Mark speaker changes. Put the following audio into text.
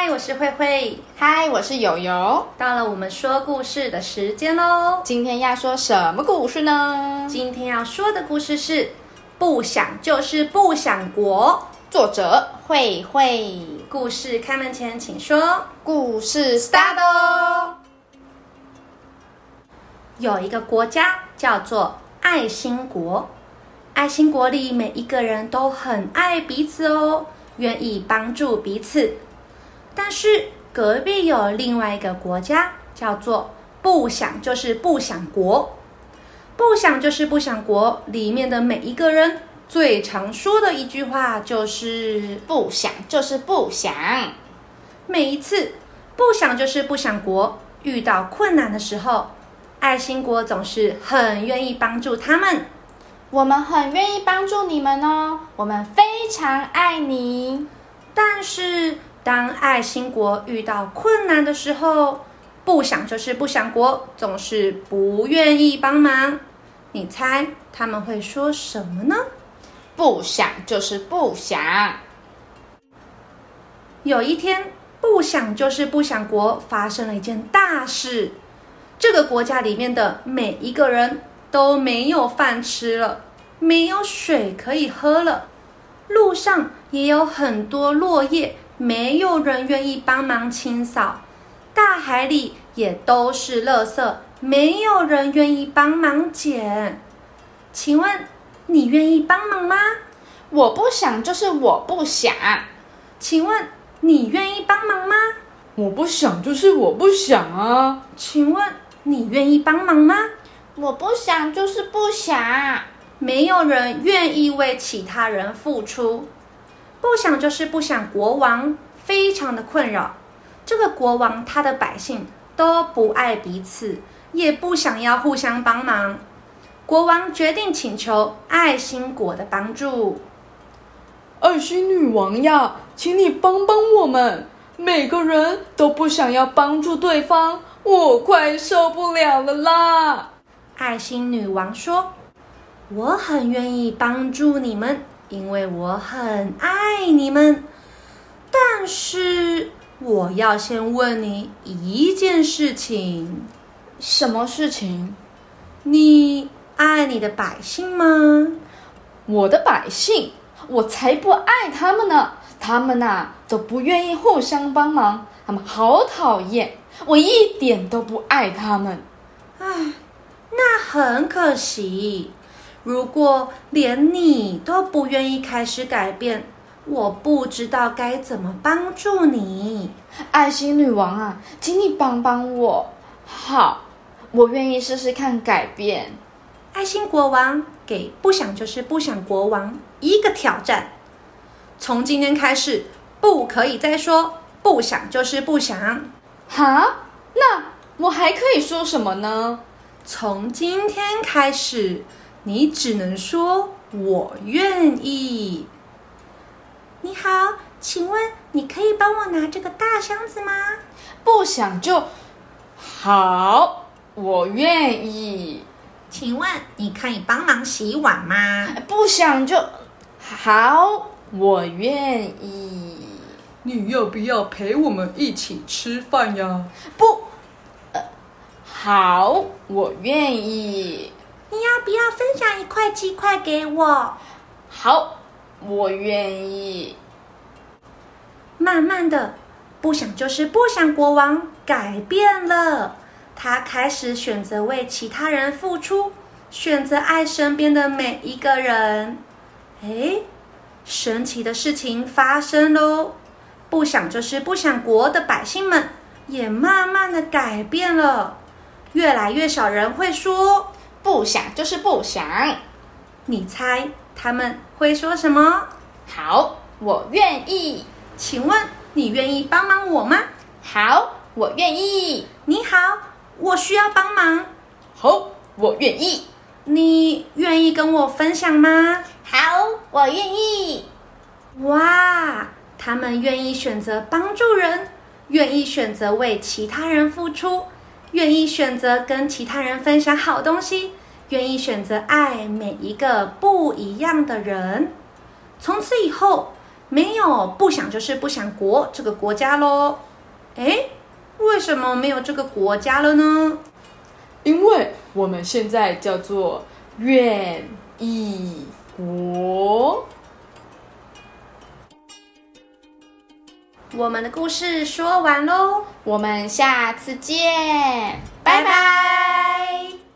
Speaker 1: 嗨，Hi, 我是卉卉。嗨，我是有油。到了我們說故事的時間嘍！今天要說什麼故事呢？今天要說的故事是《不想就是不想國》，作者卉卉。卉卉故事開門前請說，故事 start 嘍、哦。有一個國家叫做愛心國，愛心國裡每一個人都很愛彼此哦，願意幫助彼此。但是隔壁有另外一個國家，叫做“不想就是不想國”。“不想就是不想國”裡面的每一個人最常說的一句話就是“不想就是不想”。每一次“不想就是不想國”遇到困難的時候，愛心國總是很願意幫助他們。我們很願意幫助你們哦，我們非常愛你。但是。當愛心國遇到困難的時候，不想就是不想國，總是不願意幫忙。你猜，他們會說什麼呢？不想就是不想。有一天，不想就是不想國發生了一件大事，這個國家裡面的每一個人都沒有飯吃了，沒有水可以喝了，路上也有很多落葉。沒有人願意幫忙清掃，大海裡也都是垃圾，沒有人願意幫忙撿。請問你願意幫忙嗎？我不想，就是我不想。請問你願意幫忙嗎？我不想，就是我不想啊。請問你願意幫忙嗎？我不想，就是不想。沒有人願意為其他人付出。不想就是不想，國王非常的困擾。這個國王他的百姓都不愛彼此，也不想要互相幫忙。國王決定請求愛心國的幫助。愛心女王呀，請你幫幫我們，每個人都不想要幫助對方，我快受不了了啦！愛心女王說：“我很願意幫助你們，因為我很愛。”愛你們，但是我要先問你一件事情：什麼事情？你愛你的百姓嗎？我的百姓，我才不愛他們呢！他們吶、啊，都不願意互相幫忙，他們好討厭！我一點都不愛他們。唉，那很可惜。如果連你都不願意開始改變，我不知道該怎麼幫助你，愛心女王啊，請你幫幫我。好，我願意試試看改變。愛心國王給不想就是不想國王一個挑戰。從今天開始，不可以再說不想就是不想。啊，那我還可以說什麼呢？從今天開始，你只能說我願意。你好，請問你可以幫我拿這個大箱子嗎？不想就好，我願意。請問你可以幫忙洗碗嗎？不想就好，我願意。你要不要陪我們一起吃飯呀？不，呃，好，我願意。你要不要分享一塊雞塊給我？好。我願意。慢慢的，不想就是不想。國王改變了，他開始選擇為其他人付出，選擇愛身邊的每一個人。哎，神奇的事情發生嘍！不想就是不想國的百姓們也慢慢的改變了，越來越少人會說不想就是不想。你猜他們，會說什麼？好，我願意。請問你願意幫忙我嗎？好，我願意。你好，我需要幫忙。好，我願意。你願意跟我分享嗎？好，我願意。哇，他們願意選擇幫助人，願意選擇為其他人付出，願意選擇跟其他人分享好東西。願意選擇愛每一個不一樣的人，從此以後沒有不想就是不想國這個國家嘍。哎，為什麼沒有這個國家了呢？因為我們現在叫做願意國。我們的故事說完嘍，我們下次見，拜拜。拜拜。